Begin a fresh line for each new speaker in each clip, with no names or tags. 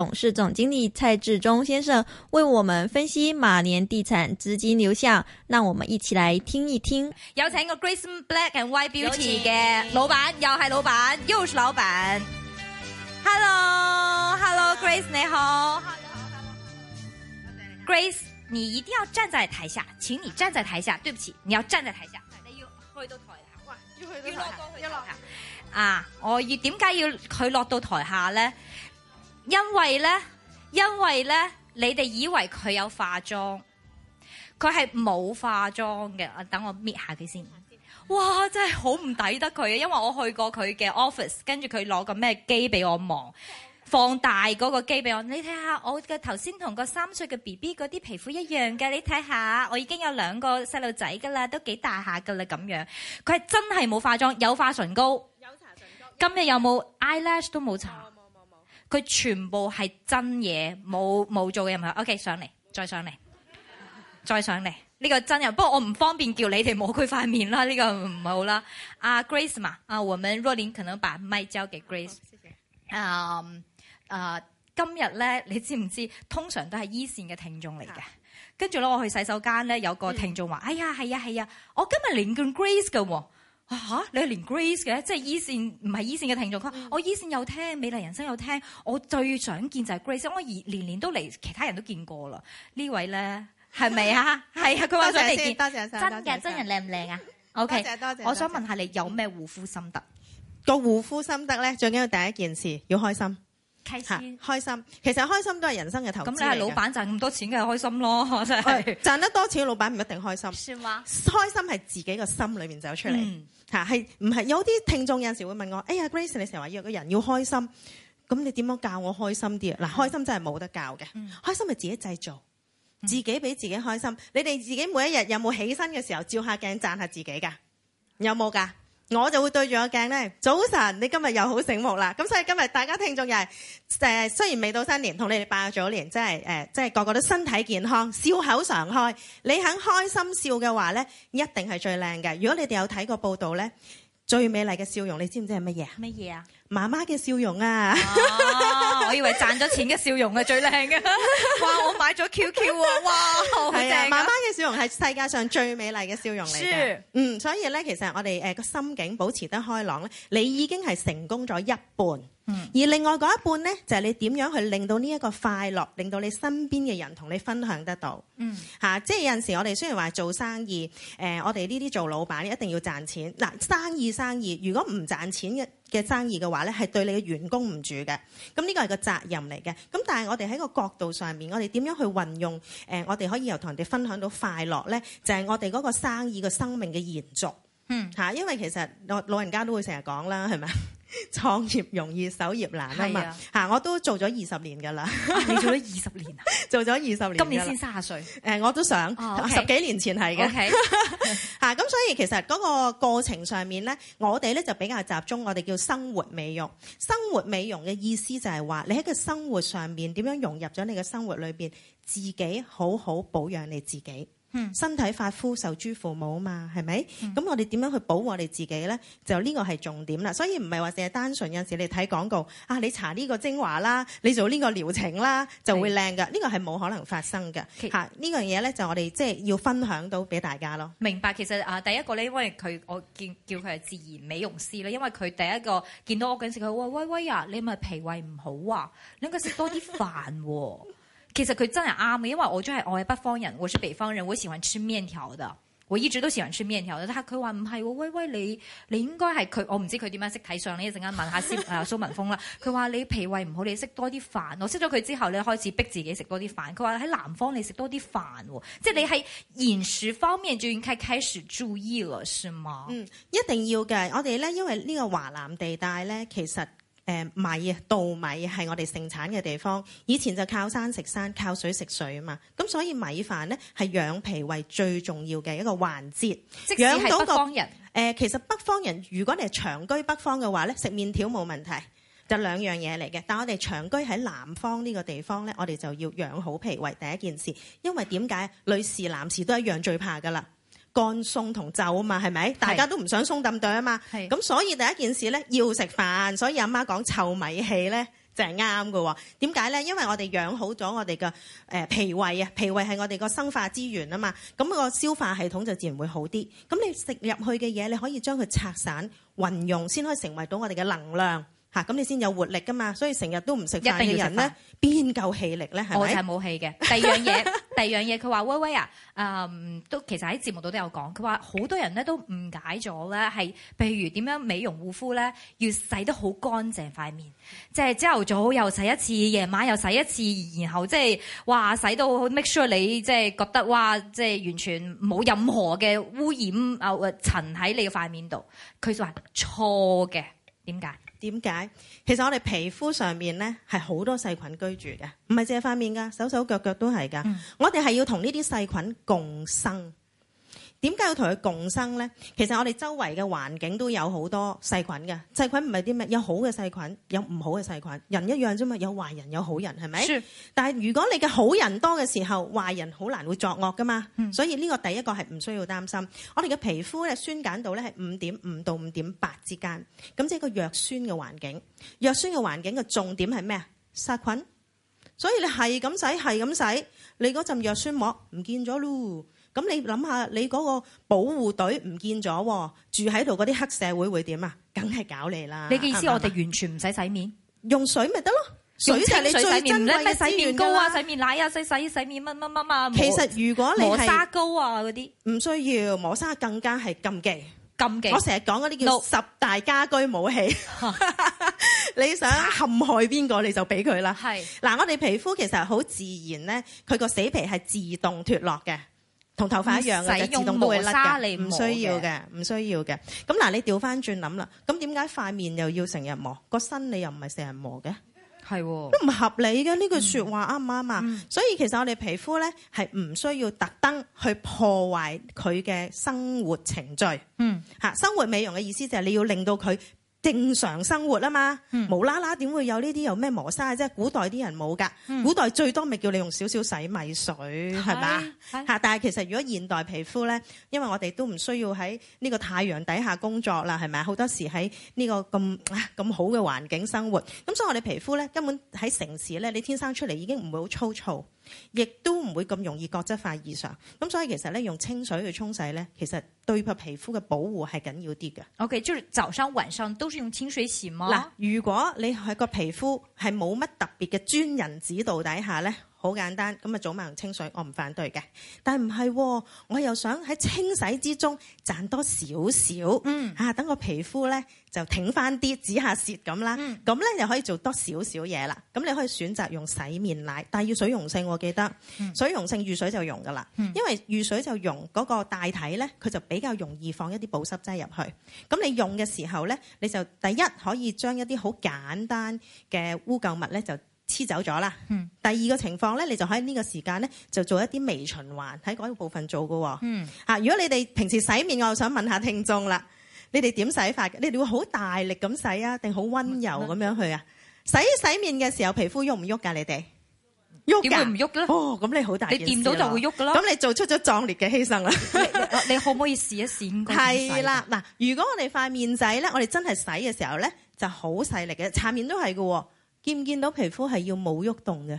董事總經理蔡志忠先生為我們分析馬年地產資金流向，讓我們一起來聽一聽。有請個 Grace Black and White Beauty 的老闆，又係老闆，又是老闆。Hello，Hello Grace，你好。Hello. Grace，你一定要站在台下，請你站在台下。對不起，你要站在台下。你要去到台下，哇，要去到台下。啊，我要點解要佢落到台下咧？因為咧，因為咧，你哋以為佢有化妝，佢係冇化妝嘅。等我搣下佢先。先看看哇！真係好唔抵得佢，因為我去過佢嘅 office，跟住佢攞個咩機俾我望，放大嗰個機俾我。你睇下，我嘅頭先同個三歲嘅 B B 嗰啲皮膚一樣嘅。你睇下，我已經有兩個細路仔噶啦，都幾大下噶啦咁樣。佢係真係冇化妝，有化唇膏，有搽唇膏，有有有今日有冇 eyelash 都冇搽。哦佢全部係真嘢，冇冇做嘅任何。OK，上嚟，再上嚟，再上嚟。呢、這個真人，不過我唔方便叫你哋摸佢塊面啦，這個 uh, Grace, uh, writing, Mike, um, uh, 呢個唔好啦。啊 Grace 嘛，啊，我們若琳可能把麥交俾 Grace。啊啊，今日咧，你知唔知？通常都係依線嘅聽眾嚟嘅。跟住咧，我去洗手間咧，有個聽眾話：，嗯、哎呀，係啊，係啊，我今日連貫 Grace 㗎喎、哦。嚇、啊！你係連 Grace 嘅，即係 E 線唔係 E 線嘅聽眾。我 E 線有聽《美麗人生》，有聽。我最想見就係 Grace，我年年都嚟，其他人都見過啦。這位呢位咧係咪啊？係 啊！佢話想嚟見，多謝多謝真嘅，真人靚唔靚啊？OK，多謝，多謝，多謝，我想問下你有咩護膚心得？
個護膚心得咧，最緊要第一件事要開心。
開心開心，
其實開心都係人生嘅投資。咁你係老闆賺咁多錢嘅開心咯，真係賺得多錢嘅老闆唔一定開心。唔算話開心係自己個心裏面走出嚟，吓係唔係？有啲聽眾有陣時候會問我：哎呀，Grace，你成日話約個人要開心，咁你點樣教我開心啲啊？嗱、嗯，開心真係冇得教嘅，嗯、開心係自己製造，嗯、自己俾自己開心。你哋自己每一日有冇起身嘅時候照下鏡讚下自己噶？有冇噶？我就會對住我鏡咧，早晨，你今日又好醒目啦！咁所以今日大家聽眾又係誒，雖然未到新年，同你哋拜咗年，即係誒，即係個個都身體健康，笑口常開。你肯開心笑嘅話咧，一定係最靚嘅。如果你哋有睇過報道咧，最美麗嘅笑容，你知唔知係乜嘢？乜嘢啊？媽媽嘅笑容啊！ 我以為賺咗錢嘅笑容係、啊、最靚嘅。哇！我買咗 QQ、啊、哇，好正、啊啊！媽媽嘅笑容係世界上最美麗嘅笑容嚟㗎。是嗯，所以呢，其實我哋誒個心境保持得開朗，你已經係成功咗一半。而另外嗰一半呢，就係、是、你點樣去令到呢一個快樂，令到你身邊嘅人同你分享得到。嗯，吓、啊，即係有陣時我哋雖然話做生意，誒、呃，我哋呢啲做老闆一定要賺錢。嗱、啊，生意生意，如果唔賺錢嘅嘅生意嘅話呢，係對你嘅員工唔住嘅。咁呢個係個責任嚟嘅。咁但係我哋喺個角度上面，我哋點樣去運用誒、呃，我哋可以由同人哋分享到快樂呢，就係、是、我哋嗰個生意個生命嘅延續。嗯，吓、啊，因為其實老老人家都會成日講啦，係咪？創業容易，守業難啊嘛吓，我都做咗二十年噶啦、啊，你做咗二十年啊，做咗二十年，今年先三十歲誒，我都想、哦 okay、十幾年前係嘅吓，咁 所以其實嗰個過程上面咧，我哋咧就比較集中，我哋叫生活美容。生活美容嘅意思就係話，你喺個生活上面點樣融入咗你嘅生活裏邊，自己好好保養你自己。身體髮膚受諸父母嘛，係咪？咁、嗯、我哋點樣去保護我哋自己咧？就呢個係重點啦。所以唔係話淨係單純有陣時你睇廣告啊，你搽呢個精華啦，你做呢個療程啦，就會靚噶。呢是的 個係冇可能發生嘅。吓其、啊這個、呢樣嘢咧就我哋即係要分享到俾大家咯。
明白。其實啊，第一個咧，因為佢我叫佢係自然美容師啦，因為佢第一個見到我嗰陣時，佢話：威威啊，你咪脾胃唔好啊，你應該食多啲飯喎、啊。 其實佢真係啱嘅，因為我真係我係北方人，我是北方人，我喜歡吃麵條嘅我一直都喜歡吃麵條嘅但係佢話唔係，威威、哦、你你應該係佢，我唔知佢點樣識睇相呢一陣間問下啊，蘇文峰啦。佢話 你脾胃唔好，你食多啲飯。我識咗佢之後你開始逼自己食多啲飯。佢話喺南方你食多啲飯，即係你喺飲食方面就應該開始注意啦，是嘛？嗯，
一定要嘅。我哋咧，因為呢個華南地帶咧，其實。誒米啊，稻米係我哋盛產嘅地方，以前就靠山食山，靠水食水啊嘛。咁所以米飯咧係養脾胃最重要嘅一個環節。即方人養到個誒、呃，其實北方人如果你係長居北方嘅話咧，食麵條冇問題，有、就係、兩樣嘢嚟嘅。但我哋長居喺南方呢個地方咧，我哋就要養好脾胃第一件事，因為點解女士男士都一樣最怕㗎喇。乾鬆同皺啊嘛，係咪？是大家都唔想鬆咁對啊嘛。咁是所以第一件事咧，要食飯。所以阿媽講臭米氣咧，就係啱喎。點解咧？因為我哋養好咗我哋嘅誒脾胃啊，脾胃係我哋個生化資源啊嘛。咁、個消化系統就自然會好啲。咁你食入去嘅嘢，你可以將佢拆散、運用，先可以成為到我哋嘅能量。嚇，咁、啊、你先有活力噶嘛，所以成日都唔食飯嘅人咧，邊夠氣力咧？係咪？我就係冇氣嘅。第二樣嘢，
第二樣嘢，佢話威威啊，嗯，都其實喺節目度都有講。佢話好多人咧都誤解咗咧，係譬如點樣美容護膚咧，要洗得好乾淨塊面，即係朝頭早又洗一次，夜晚又洗一次，然後即係話洗到 make sure 你即係、就是、覺得哇，即、就、係、是、完全冇任何嘅污染啊、呃呃、塵喺你塊面度。佢就話錯
嘅，點解？點解？其實我哋皮膚上面呢，係好多細菌居住嘅，唔係隻塊面㗎，手手腳腳都係㗎。嗯。我哋係要同呢啲細菌共生。點解要同佢共生呢？其實我哋周圍嘅環境都有好多細菌嘅，細菌唔係啲咩？有好嘅細菌，有唔好嘅細菌。人一樣啫嘛，有壞人有好人，係咪？是但係如果你嘅好人多嘅時候，壞人好難會作惡噶嘛。嗯、所以呢個第一個係唔需要擔心。我哋嘅皮膚咧，酸鹼度咧，係五點五到五點八之間，咁即係個弱酸嘅環境。弱酸嘅環境嘅重點係咩啊？殺菌。所以你係咁洗，係咁洗，你嗰陣弱酸膜唔見咗咯。咁你諗下，你嗰個保護隊唔見咗，住喺度嗰啲黑社會會點啊？梗係搞你啦！你嘅意思是是我哋完全唔使洗面，用水咪得咯？水就係你最珍貴資源嘅。洗面膏啊，洗
面奶啊，洗洗洗面乜乜乜乜。其實如果你係磨砂
膏啊嗰啲，唔需要磨砂，更加係禁忌。禁忌。我成日講嗰啲叫十大家居武器。No. 你想陷害邊個，你就俾佢啦。係嗱是，我哋皮膚其實好自然咧，佢個死皮係自動脫落嘅。同頭髮一樣嘅自動會唔磨會甩嘅，唔需要嘅，唔需要嘅。咁嗱，你調翻轉諗啦，咁點解塊面又要成日磨？個身你又唔係成日磨嘅，係喎、哦，都唔合理嘅。呢句説話啱唔啱啊？嗯、所以其實我哋皮膚咧係唔需要特登去破壞佢嘅生活程序。嗯，嚇生活美容嘅意思就係你要令到佢。正常生活啊嘛，嗯、無啦啦點會有呢啲有咩磨砂啫？古代啲人冇㗎，嗯、古代最多咪叫你用少少洗米水係嘛嚇？但係其實如果現代皮膚咧，因為我哋都唔需要喺呢個太陽底下工作啦，係咪？好多時喺呢個咁咁好嘅環境生活，咁所以我哋皮膚咧根本喺城市咧，你天生出嚟已經唔會好粗糙，亦都唔會咁容易角質化異常。咁所以其實咧用清水去沖洗咧，其實。對皮膚嘅保護係緊要啲嘅。
OK，就是早上晚上都是用清水洗嗎？嗱，
如果你係個皮膚係冇乜特別嘅專人指導底下呢。好簡單咁啊！早晚用清水，我唔反對嘅。但係唔係、哦，我又想喺清洗之中賺多少少。嗯，等個、啊、皮膚咧就挺翻啲，止下蝕咁啦。咁咧又可以做多少少嘢啦。咁你可以選擇用洗面奶，但係要水溶性。我記得水溶性遇水就溶噶啦。嗯、因為遇水就溶嗰、那個大體咧，佢就比較容易放一啲保濕劑入去。咁你用嘅時候咧，你就第一可以將一啲好簡單嘅污垢物咧就黐走咗啦。嗯、第二個情況咧，你就喺呢個時間咧，就做一啲微循環喺嗰個部分做㗎、哦、嗯、啊，如果你哋平時洗面，我又想問下聽眾啦，你哋點洗法？你哋會好大力咁洗啊，定好溫柔咁樣去啊？嗯、洗洗面嘅時候，皮膚喐唔喐噶？你哋喐點會唔喐咧？哦，咁你好大，你掂到就會喐噶啦。咁你做出咗壯烈嘅犧牲啦你。 你可唔可以試一試一？係啦，嗱，如果我哋塊面仔咧，我哋真係洗嘅時候咧，就好細力嘅，擦面都係噶。見唔見到皮膚係要冇喐動嘅。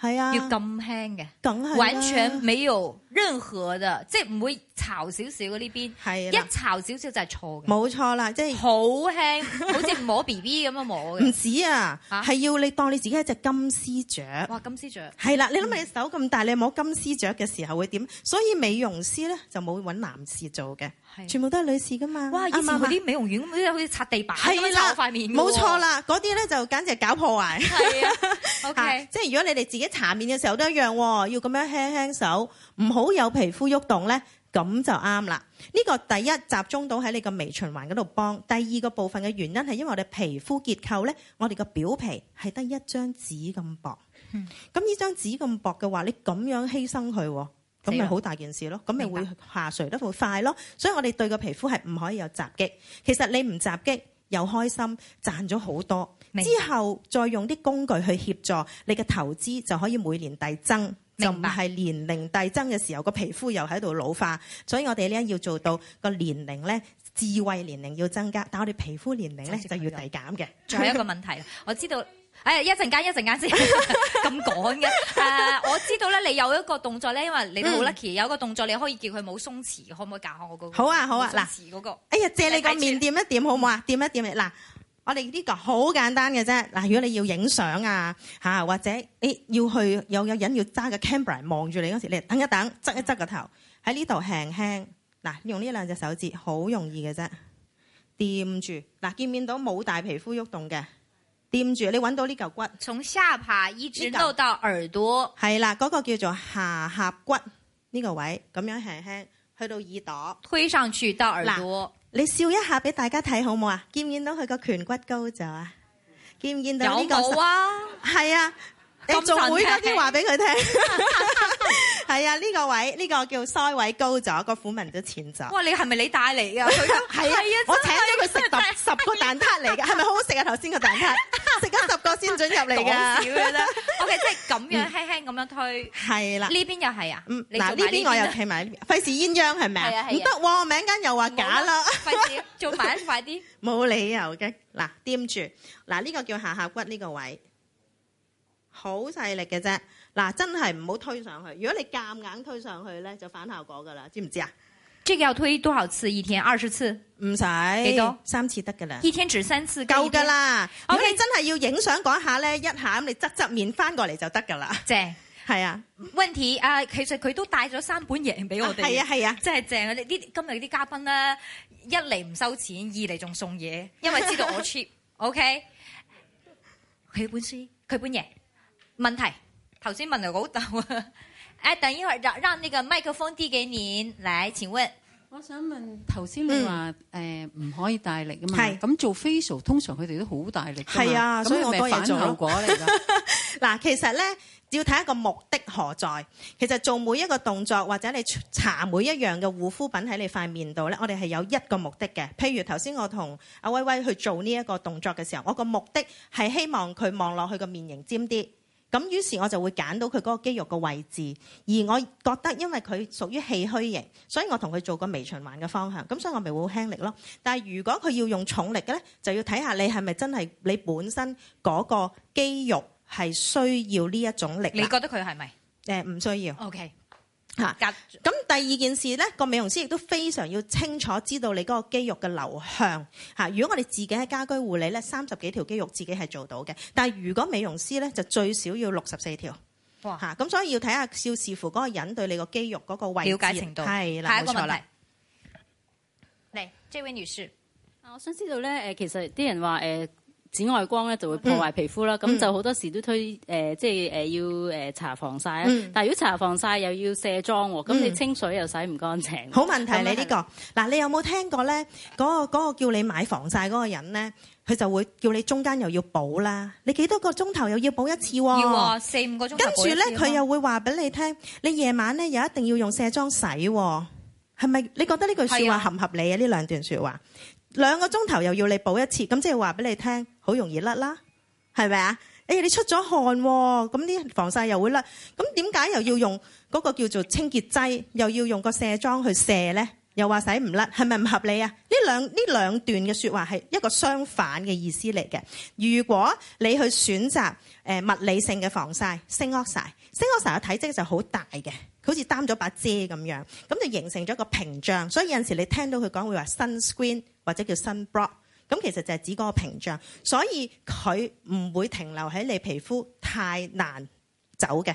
係啊，要咁輕嘅，咁係，啊、完全沒
有。任何嘅，即係唔會嘈少少嘅呢邊，係啊，一嘈少少就係錯
嘅，冇錯啦，即係好輕，
好似摸 B B 咁樣摸嘅，唔止啊，係要你
當你自己一隻金絲雀，哇，
金絲雀，係啦，你諗
下你手咁大，你摸金絲雀嘅時候會點？所以美容師咧就冇搵男士做嘅，全部都係女士噶嘛，哇，以前佢啲美容院好似擦地板咁樣擦我塊面，冇錯啦，嗰啲咧就簡直係搞破壞，係啊，OK，即係如果你哋自己搽面嘅時候都一樣，要咁樣輕輕手，唔好。都有皮膚喐動咧，咁就啱啦。呢個第一集中到喺你個微循環嗰度幫，第二個部分嘅原因係因為我哋皮膚結構咧，我哋個表皮係得一張紙咁薄。咁呢張紙咁薄嘅話，你咁樣犧牲佢，咁咪好大件事咯。咁咪會下垂得會快咯。白所以我哋對個皮膚係唔可以有襲擊。其實你唔襲擊又開心，賺咗好多白之後，再用啲工具去協助你嘅投資，就可以每年遞增。就唔係年齡遞增嘅時候，個皮膚又喺度老化，所以我哋咧要做到個年齡咧，智慧年齡要增加，但係我哋皮膚年齡咧就要遞減嘅，仲有一個
問題啦。我知道，哎，一陣間一陣間先，咁
講嘅。誒，我知
道咧，你有一個動作咧，因為你冇 lucky，有一個動作你可以叫佢冇鬆弛，可唔可以教下我嗰個？好啊好啊，嗱，哎
呀，借你個面點一點好唔好啊？點一點嚟嗱。我哋呢個好簡單嘅啫，嗱，如果你要影相啊，吓，或者你、哎、要去有有人要揸個 camera 望住你嗰時，你等一等，側一側個頭，喺呢度輕輕，嗱，用呢兩隻手指，好容易嘅啫，掂住，嗱，見面到冇大皮膚喐動嘅，掂住，你揾到呢嚿骨，從下巴一直到、到耳朵，係啦，嗰、那個叫做下頜骨呢、這個位，咁樣輕輕去到耳朵，推上去到耳朵。你笑一下俾大家睇好冇啊？見唔見到佢個顴骨高咗、這個、啊？見唔見到呢個？好啊，係啊，你仲會多啲話俾佢聽。 係啊，呢個位呢個叫腮位高咗，個虎紋都淺咗。
哇！你係咪你帶嚟噶？係啊，我請咗佢
食十十個蛋撻嚟嘅，係咪好好食啊？頭先個蛋撻，食多十個先唔準入嚟㗎。講笑㗎啦。OK，即係咁樣
輕輕咁樣推。係啦。呢邊又係啊。
嗱，呢邊我又企埋呢邊，費事鴛鴦係咪啊？係啊係啊。唔得喎，名間又話假啦。費
事做埋一塊啲。
冇理由嘅。嗱，掂住。嗱，呢個叫下下骨呢個位，好細力嘅啫。嗱，真係唔好推上去。如果你夾硬，硬推上去咧，就反效果噶啦，知唔知啊？即個要推多少次？一天二十次？唔使幾多？三次得噶啦。一天只
三次夠噶啦。咁 Okay 你真
係要影相講下咧，一下咁你側側面翻過嚟就得噶啦。正係啊
Wendy 啊，其實佢都帶咗三本嘢俾我哋。係啊係啊，是啊是啊真係正啊！今日啲嘉賓咧、啊，一嚟唔收錢，二嚟仲送嘢，因為知道我 cheap。 OK，佢本書，佢本嘢，問題。頭先問阿老豆啊，誒、哎，等一會讓讓那個麥克風遞給您，來，請問，我想問，頭先你話誒唔可以大力是 acial, 大力啊嘛，咁
做 facial 通常佢哋都好大力噶嘛，係啊，咁咪、嗯、反效果嚟。啦。嗱， 其實咧要睇一個目的何在，其實做每一個動作或者你搽每一樣嘅護膚品喺你塊面度咧，我哋係有一個目的嘅。譬如頭先我同阿威威去做呢一個動作嘅時候，我個目的係希望佢望落去個面型尖啲。咁於是我就會揀到佢嗰個肌肉嘅位置，而我覺得因為佢屬於氣虛型，所以我同佢做個微循環嘅方向，咁所以我咪會好輕力咯。但係如果佢要用重力嘅咧，就要睇下你係咪真係你本身嗰個肌肉係需要呢一種力。你覺得佢係咪？誒，唔需要。OK。嚇，咁、啊、第二件事咧，個美容師亦都非常要清楚知道你嗰個肌肉嘅流向嚇、啊。如果我哋自己喺家居護理咧，三十幾條肌肉自己係做到嘅，但係如果美容師咧，就最少要六十四條。哇！嚇、啊，咁所以要睇下，要視乎嗰個人對你個肌肉嗰個位置了解程度。係了，冇錯啦。嚟，呢
位女士，啊，我想知道咧，誒、呃，其實啲人話，誒、呃。紫外光咧就會破壞皮膚啦，咁就好多時都推誒，即係誒要誒搽防曬啊。但係如果搽防曬又要卸妝喎，咁你清水又洗唔乾淨。好問題你呢個，
嗱你有冇聽過咧？嗰個嗰個叫你買防曬嗰個人咧，佢就會叫你中間又要補啦。你幾多個鐘頭又要補一次喎？四五個
鐘頭補一次。跟住咧，佢又
會話俾你聽，你夜晚咧又一定要用卸妝洗喎。係咪？你覺得呢句説話合唔合理啊？呢兩段説話。兩個鐘頭又要你補一次，咁即係話俾你聽，好容易甩啦，係咪啊？誒，你出咗汗喎，咁啲防曬又會甩，咁點解又要用嗰個叫做清潔劑，又要用個卸妝去卸呢？又話使唔甩，係咪唔合理啊？呢兩呢兩段嘅說話係一個相反嘅意思嚟嘅。如果你去選擇誒物理性嘅防曬，星 oxide，星 oxide 嘅體積就好大嘅。好似擔咗把遮咁樣，咁就形成咗個屏障。所以有陣時你聽到佢講會話 sunscreen 或者叫 sunblock，咁其實就係指嗰個屏障。所以佢唔會停留喺你皮膚，太難走嘅。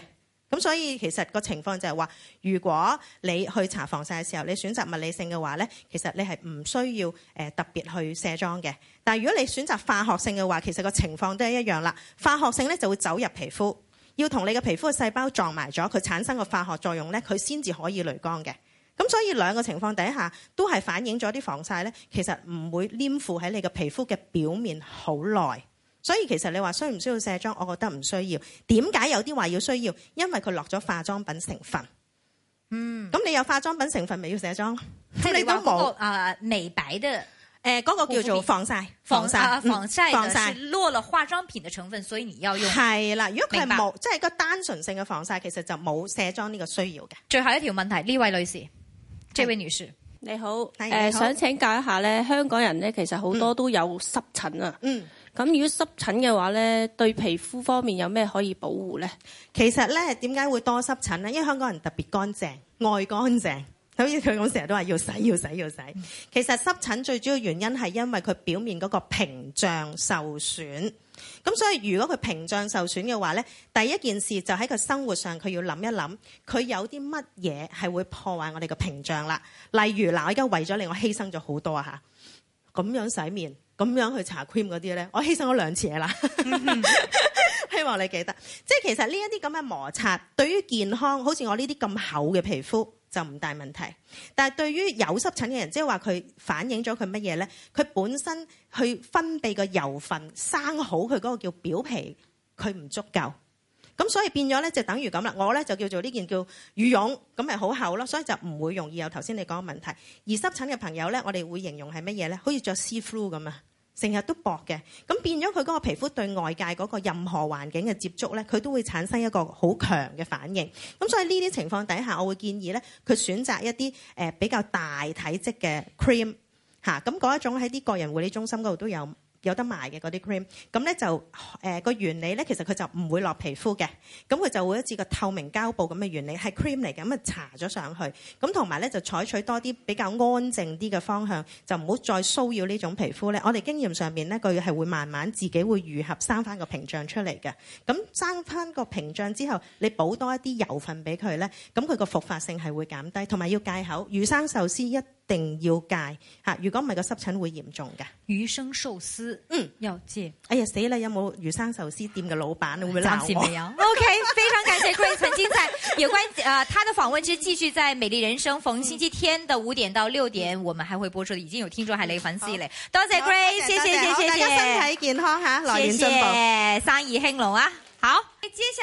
咁所以其實個情況就係、是、話，如果你去搽防曬嘅時候，你選擇物理性嘅話咧，其實你係唔需要誒、呃、特別去卸妝嘅。但係如果你選擇化學性嘅話，其實個情況都係一樣啦。化學性咧就會走入皮膚。要同你嘅皮膚嘅細胞撞埋咗，佢產生個化學作用咧，佢先至可以濾光嘅。咁所以兩個情況底下都係反映咗啲防曬咧，其實唔會黏附喺你嘅皮膚嘅表面好耐。所以其實你話需唔需要卸妝，我覺得唔需要。點解有啲話要需要？因為佢落咗化妝品成分。嗯。咁你有化妝品成分，咪要卸妝？嗯、你都冇，嗰個美白、啊誒嗰、呃那個叫做防曬，防曬防,、啊、防曬、嗯，防曬
落了化妝品的成分，所以你要用係啦。如果佢係冇，
白即係一個單純性嘅防曬，其實就冇卸妝呢個需要嘅。最後一條問題，呢位女士是這位女士，你好，誒、呃、好想請教一下咧，香港人咧其實好多都有濕疹啊。嗯，咁如果濕疹嘅話咧，對皮膚方面有咩可以保護咧？其實咧，點解會多濕疹咧？因為香港人特別乾淨，愛乾淨。好似佢咁，成日都話要洗，要洗，要洗。其實濕疹最主要原因係因為佢表面嗰個屏障受損。咁所以如果佢屏障受損嘅話咧，第一件事就喺佢生活上，佢要諗一諗佢有啲乜嘢係會破壞我哋個屏障啦。例如嗱，我而家為咗你，我犧牲咗好多啊！吓，咁樣洗面，咁樣去搽 cream 嗰啲咧，我犧牲咗兩次嘢啦。 希望你記得，即係其實呢一啲咁嘅摩擦，對於健康，好似我呢啲咁厚嘅皮膚。就唔大問題，但係對於有濕疹嘅人，即係話佢反映咗佢乜嘢咧？佢本身去分泌個油分生好佢嗰個叫表皮，佢唔足夠，咁所以變咗咧就等於咁啦。我咧就叫做呢件叫羽絨，咁咪好厚咯，所以就唔會容易有頭先你講嘅問題。而濕疹嘅朋友咧，我哋會形容係乜嘢咧？好似著 see through 咁啊。成日都薄嘅，咁變咗佢嗰個皮膚對外界嗰個任何環境嘅接觸咧，佢都會產生一個好強嘅反應。咁所以呢啲情況底下，我會建議咧，佢選擇一啲誒比較大體積嘅 cream 吓，咁嗰一種喺啲個人護理中心嗰度都有。有得賣嘅嗰啲 cream，咁咧就誒個原理咧，其實佢就唔會落皮膚嘅，咁佢就會好似個透明膠布咁嘅原理，係 cream 嚟嘅，咁啊搽咗上去，咁同埋咧就採取多啲比較安靜啲嘅方向，就唔好再騷擾呢種皮膚咧。我哋經驗上邊咧，佢係會慢慢自己會愈合生翻個屏障出嚟嘅。咁生翻個屏障之後，你補多一啲油分俾佢咧，咁佢個復發性係會減低，同埋要戒口，魚生壽司一一定要戒吓，如果唔係個濕疹會嚴重嘅。魚生壽司，嗯，要戒借。哎呀死啦，有冇魚生壽司店嘅老闆會唔會鬧我？暫時未有。 OK，非常感謝 Grace，精彩。有
關。啊、呃，他的訪問之繼續在《美麗人生》，逢星期天的五點到六點，嗯、我們還會播出。已經有聽眾係你粉絲嚟，多謝 Grace，謝謝謝謝大家身體健康吓，來年進步，謝謝，生意興隆啊！好，哎、接下。